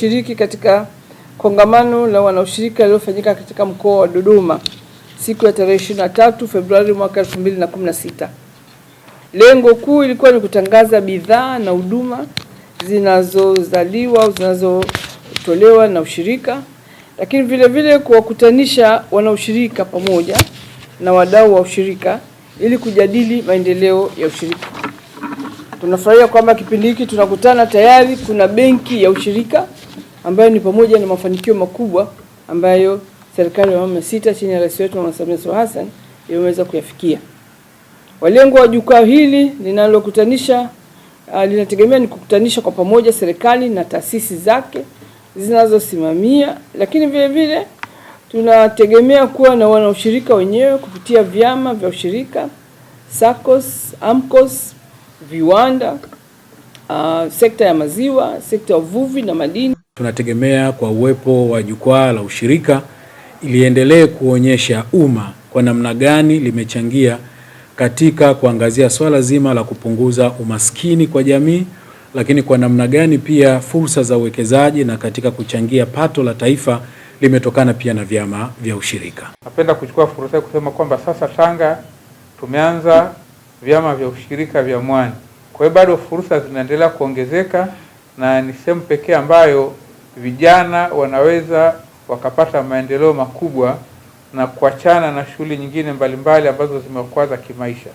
Shiriki katika kongamano la wanaushirika lililofanyika katika mkoa wa Dodoma siku ya tarehe 23 Februari mwaka 2016. Lengo kuu ilikuwa ni kutangaza bidhaa na huduma zinazozaliwa zinazotolewa na ushirika, lakini vile vile kuwakutanisha wanaushirika pamoja na wadau wa ushirika ili kujadili maendeleo ya ushirika. Tunafurahia kwamba kipindi hiki tunakutana tayari kuna benki ya ushirika ambayo ni pamoja na mafanikio makubwa ambayo serikali ya awamu ya sita chini ya rais wetu Mama Samia Suluhu Hassan imeweza kuyafikia. Walengo wa jukwaa hili linalokutanisha uh, linategemea ni kukutanisha kwa pamoja serikali na taasisi zake zinazosimamia, lakini vile vile tunategemea kuwa na wanaushirika wenyewe kupitia vyama vya ushirika SACCOS, AMCOS viwanda, uh, sekta ya maziwa, sekta ya uvuvi na madini. Tunategemea kwa uwepo wa jukwaa la ushirika iliendelee kuonyesha umma kwa namna gani limechangia katika kuangazia swala zima la kupunguza umaskini kwa jamii, lakini kwa namna gani pia fursa za uwekezaji na katika kuchangia pato la taifa limetokana pia na vyama vya ushirika. Napenda kuchukua fursa hii kusema kwamba sasa Tanga tumeanza vyama vya ushirika vya mwani. Kwa hiyo bado fursa zinaendelea kuongezeka na ni sehemu pekee ambayo vijana wanaweza wakapata maendeleo makubwa na kuachana na shughuli nyingine mbalimbali ambazo zimekuwa za kimaisha.